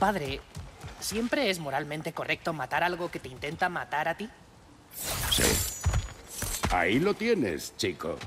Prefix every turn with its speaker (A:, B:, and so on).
A: Padre, ¿siempre es moralmente correcto matar algo que te intenta matar a ti? Sí.
B: Ahí lo tienes, chico.